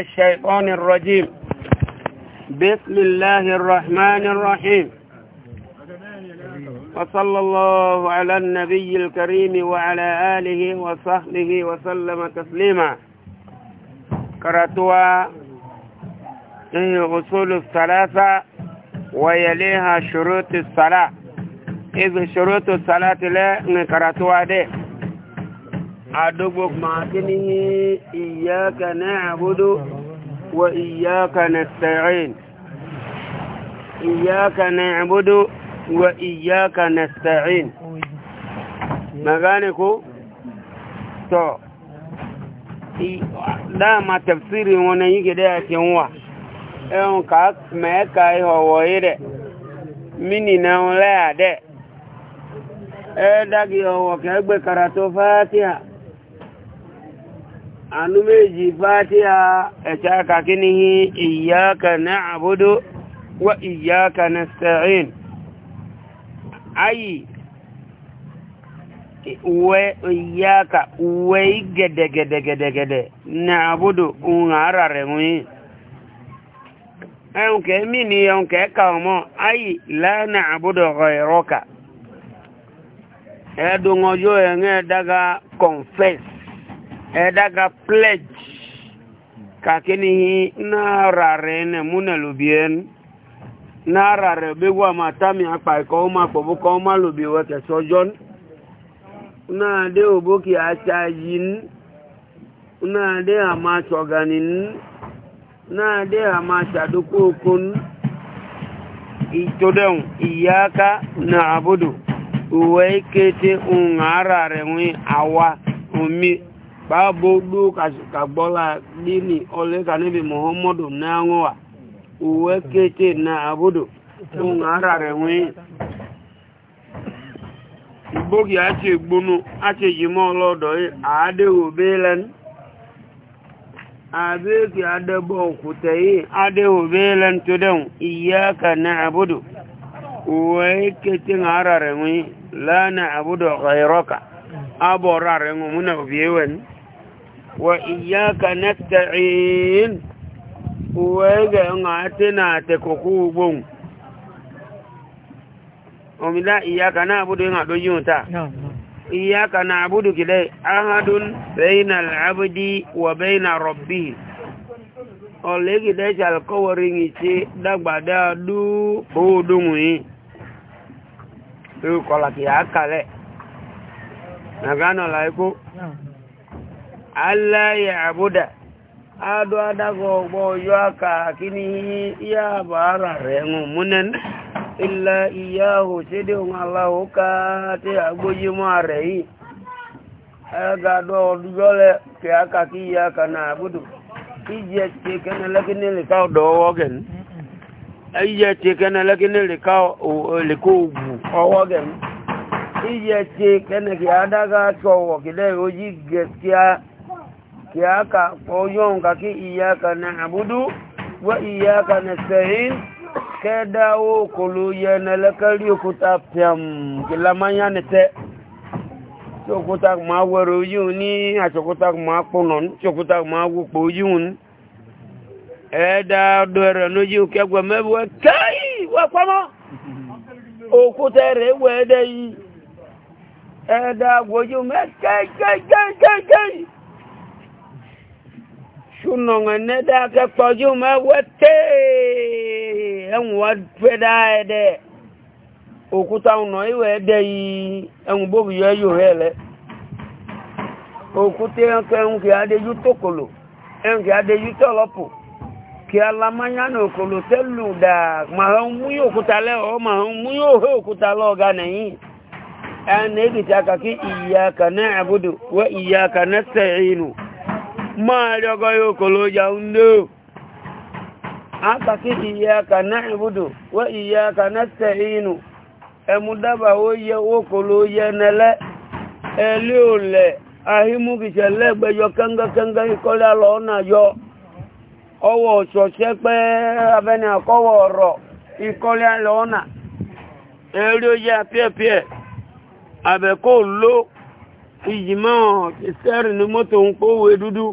الشيطان الرجيم بسم الله الرحمن الرحيم وصلى الله على النبي الكريم وعلى آله وصحبه وسلم تسليما كرتوا غسول الثلاثة ويليها شروط الصلاة إذ شروط الصلاة لا نكرتوا ده àdúgbò máa kí ní ìyáka na'budu wa ìyáka nasta'in ìyáka na'budu wa ìyáka nasta'in magane ko to dama tafsiri wọn yí gẹ́dẹ́ àti wọn ẹ̀hùn ká mẹ́ẹ̀ka ìhọ̀wọ̀ yí rẹ̀ mini na lẹ́yà dẹ̀ ẹ̀ẹ́dàgì e, ọ̀wọ̀ kẹ́gbẹ́ karatọ́ fásíà anu meji fatiha ẹ̀ta kakinihi iyaka na abudu wa iyaka na sta'in ayi uwe iyaka uwe gẹ̀dẹ̀gẹ̀dẹ̀gẹ̀dẹ̀ na abudu un ara rẹ̀ wuni ẹnkẹ́ mi ni ẹnkẹ́ ka ọmọ ayi lana abudu ghayroka ẹ̀dùn ọjọ́ ẹ̀ngẹ́ daga confess edaga pledge kakini na rare ne muna lubien na rare begwa matami apa ko ma ko ko ma lubi wa sojon na de oboki achayin na de ama choganin na de ama shaduku kun itodon iyaka na abudu uwe kete ungarare awa umi kpaabo do kagbɔ la dini ɔlɛ kanebi muhammadu n'aŋɔ wa uwe kete na abodo tó ń ara rẹ̀ wín ìgbógi àti ìgbónú àti ìyímọ̀ ọlọ́dọ̀ yìí àádéwò bí lẹ́nu àbíkì àdẹ́bọ̀ òkúta yìí àdéwò bí lẹ́nu tó dẹ̀hùn ìyáka na abudu uwe kete ń ara rẹ̀ wín lánà abodo ọ̀rọ̀ ìrọ́ka abọ̀ ọ̀rọ̀ rẹ̀ wín múnà òbí wẹ̀ ní. وإياك نستعين وإياك تكوكوب وملا إياك نعبد ينعبد يونتا إياك نعبد كده أحد بين العبد وبين ربه ọ̀lẹ́gì dẹ́jà alkọ́wọ́rí ní ṣe dágbàdá dúódùnmù yìí lórúkọ làkìyà kàlẹ̀ nàgánà láìkó aláyẹ̀ àbúdà adó adágọ́ ọgbọ́ ọjọ́ aka kí ní yá bàárà rẹ̀ ń múnẹ́ ilẹ̀ ìyá òṣèdè ohun aláwọ̀ ká tí agbójímọ́ rẹ̀ yìí ẹgbàdọ́ ọdúnjọ́lẹ̀ kí aka kí yá aka náà àbúdù ìjẹ́ ti kẹ́nẹ́ lẹ́kíní lìká ọ̀dọ̀ ọwọ́ gẹ̀n ìjẹ́ ti kẹ́nẹ́ lẹ́kíní lìká ògbù ọwọ́ gẹ̀n ìjẹ́ ti kẹ́nẹ́ kí adágá kiyaka foyon kaki iyaka na abudu wa iyaka na sahin ke dawo kulu ya na lakari kuta fiyam kilamanya ni te sokuta ma wero yiun ni a sokuta ma kponon sokuta ma wupo yiun ẹ̀ẹ́dá dọ̀rọ̀ lójú kẹgbẹ̀ mẹ́wọ́ káyí wà pọ́mọ́ òkúta rẹ̀ wẹ́ẹ́dẹ́ yìí ẹ̀ẹ́dá gbojú mẹ́ kẹ́kẹ́kẹ́kẹ́ sunɔŋɛ ne ɖe ake kpɔdzi me wetee eŋu eƒe ɖa yɛ ɖe òkúta ŋunɔ yi wɔ ɛdɛ yi eŋu bóbi yɔ eyo hɛ lɛ òkúta yɛ kɛ ŋu kìí aɖe yi tókolo eŋu kìí aɖe yi tɔlɔpo kìí alamanya ní òkolo tẹlu daa mà hàn mú yi òkúta lɛ ɔ mà hàn mú yi òhé òkúta lɛ ɔga nìyí ɛnna ekìtì kaki ìyá kanẹ abudu wọ ìyá kanẹ sẹyìn nù. máa rí ọgọ́ yóò kò ló yà ń lò ápàkí ìyẹ́ aka náà ìbúdó wọ́n ìyẹ́ aka náà tẹ̀ inú ẹmú dábà ó yẹ ó kò ló yẹ nẹlẹ́ ẹlẹ́ òlẹ̀ ahímúkìṣẹ́ lẹ́gbẹ̀yọ kẹ́ngẹ́kẹ́ngẹ́ alọ́ ọ̀nà yọ ọwọ́ ọ̀ṣọ̀ṣẹ́ pẹ́ abẹ́ni àkọ́wọ̀ ọ̀rọ̀ ìkọ́lẹ́ alọ́ ọ̀nà ó yẹ àbẹ̀kọ́ ló ìyìmọ̀ ìsẹ́rìn ní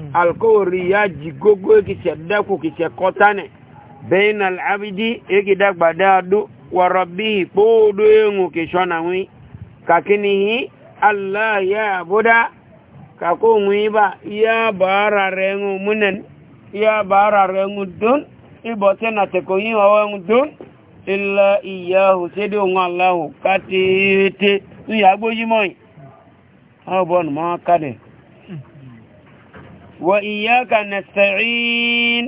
Mm. alkawari ya ji gogo yake ce daku ki ce kota ne bayan al'abidi yake dagba dadu wa rabbi ko doyen ke shona wi kakinihi allah ya buda ka ko mu ba ya bara rengu munen ya bara rengu don ibo tena te ko yin owo don illa iyahu sede ohun allahu katete ni agboyi moyin ọbọnù mọ́ kádẹ̀ wa iyaka nasta'in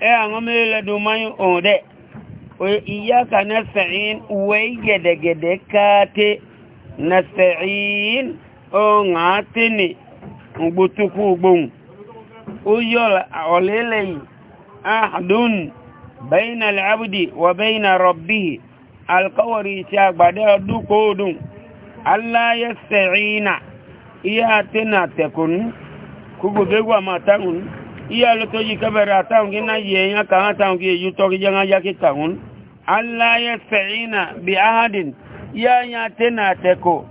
e àwọn mele do mayin on de wa iyaka nasta'in wa gede gede kate nasta'in o ngatini ngbutuku ugbun o yola olele ahdun bayna al wa bayna rabbih alqawri ti agbade dukodun alla yasta'ina iya tina tekunu gbogbo egwu ama atanwun ihe alụta oji kebere atanwun gị na yi ka ha tanwun gị eju tọrọ ije n'aja gị tanwun ala ya fẹ̀yìnà bí ahadin ya nya te na teko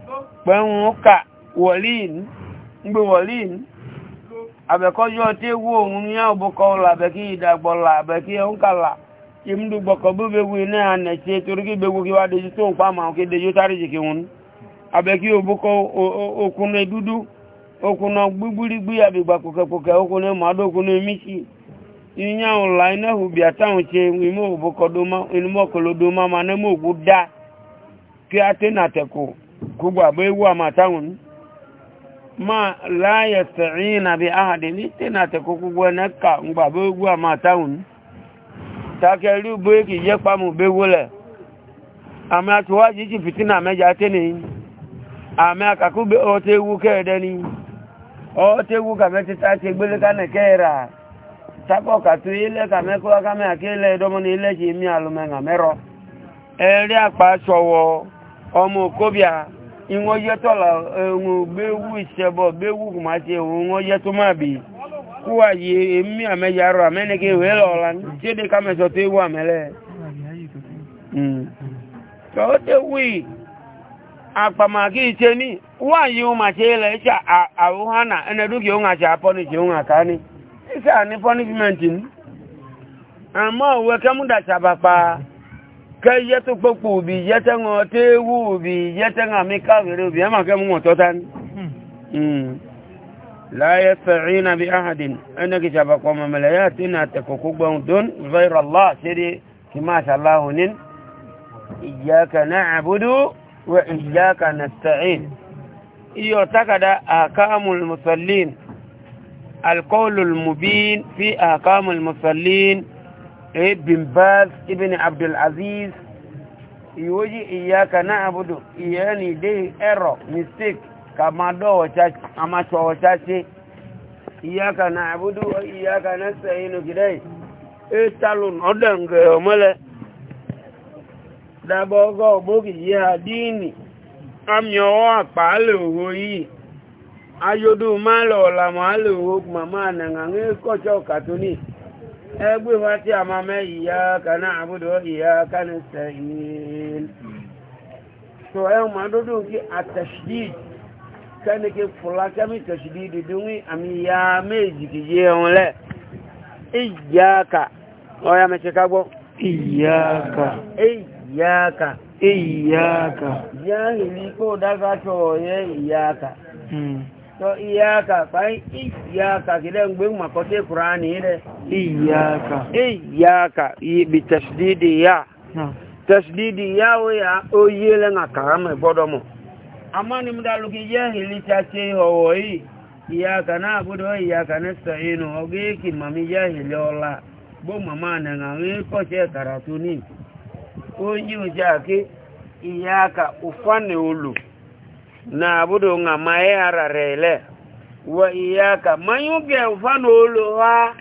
pẹ̀hún ka wọlín gbé wọlín abẹ́kọ́jọ́ tí ewu òun ní àbúkọ́ ọ̀la abẹ́kí okwu na gbugburigbu ya bigba kpokekpoke okwu na mmadụ okwu na emisi inye ahụ la ina hụ bịa ta nwuche ime obodoma emume okolodoma ma na eme okwu da ke ate na teku kugba ama ewu ma laa yasta'in na bi ahadin ite na teku kugba na ka mgba bụ ewu amatanwu takẹrí bó èkì e yẹ́ pàmù béwólẹ̀ àmì àtiwájì jì fìtínà mẹ́jà tẹ́ni àmì àkàkú ọtẹ́ ewu kẹ́ẹ̀dẹ́ ni otegu kame titati gbele kane kera tako katu ile kame kuwa kame akile domo ni ile chi imi alume ngamero eri akpa sowo omo kobia inwo yeto la ehun gbewu isebo gbewu kuma ti ehun wo yeto ma bi kuwa ye emi ame yaro amene ke we lo lan ti de kame so te wa mele mm so te wi akpamaki icheni wayi umachele cha auhana eneduki unga cha ponichi unga kani isa ni punishment ni ama uweke muda cha bapa ke yetu popo bi yete ngote wu bi yete ngami kavere bi ama ke mu totani hmm. hmm. وإياك نستعين يعتقد أحكام المصلين القول المبين في أحكام المصلين ابن باز ابن عبد العزيز يوجي إياك نعبد يعني دي error mistake كما دو وشاش أما شو وشاشي إياك نعبد وإياك نستعين كده إيه تالون أدنك يومالي dábọ́gọ́ ògbógi yí àdínì àmì ọwọ́ àpàálẹ̀ òwò yìí ayodu máa lọ ọ̀làmọ̀ àlẹ̀ òwò màmá ànàngà ní kọ́jọ́ ẹgbẹ́ wa tí a máa mẹ́ ìyá kaná àbúdó ìyá kaná sẹ́yìn tó máa dúdú kí kẹ́ni kí àmì ìyá méjì kìí lẹ̀ ìyá ka ọ̀yà mẹ́tẹ̀ká gbọ́ ìyá ka iyaka iyaka jahili ko daga to ye iyaka to iyaka bai iyaka kidan gbin makote qur'ani ne iyaka iyaka bi tasdidi ya tasdidi ya o ya o yele na karama bodo mo amma ni mudalu ki jahili ta ce howo yi iyaka na abudo iyaka nasta'inu oge ki mami jahili ola bo mama na ngawe ko se karatu ni onye uja ke iya aka ufane ulu na abudu nga maye ararele wa iyaka mayuge ufane ulu ha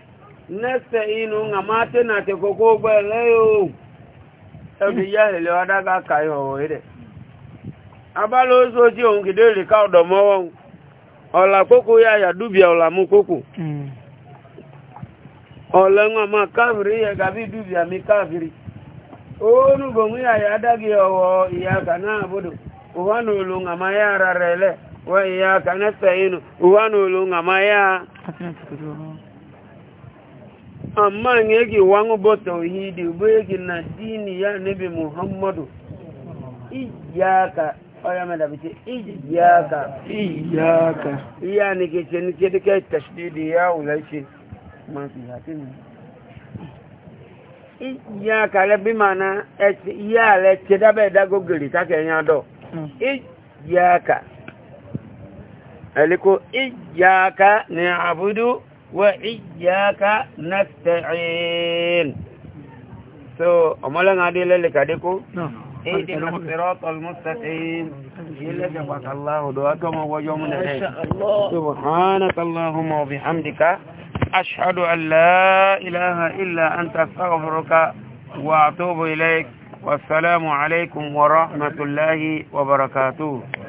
nese inu nga mate na te koko gbele yo ebi ya lele wada ka kayo ere abalo ozo ti ohun kide le ka odo mowo ola koko ya ya dubia ola mu koko ọ̀lẹ́wọ̀n ọmọ káàfìrí ẹ̀gà bí dùbìà mi olùgbòmù yàyà adági ọwọ́ ìyá kaná àbúdò òwà nà òlù ngàmá yà ara rẹ̀ lẹ̀ wọ ìyá kaná sẹ́yìnù òwà nà òlù ngàmá yà amma ne yake wani bo tauhidi bo yake na dini ya nabi muhammadu iyaka ọ̀rẹ́ mẹ́ta bí i ìyáka ìyáka ìyá ni kìí ṣe ní kí ẹ́dẹ́kẹ́ tẹ̀ṣídìí ìyá òlẹ́ṣe máa fi hàtí ya kale bi mana et ya le cheda be da go giri ta ke nya do hmm. i ya ka aliko iyyaka na'budu wa iyyaka nasta'in so amala ngade le أشهد أن لا إله إلا أنت أستغفرك وأتوب إليك والسلام عليكم ورحمة الله وبركاته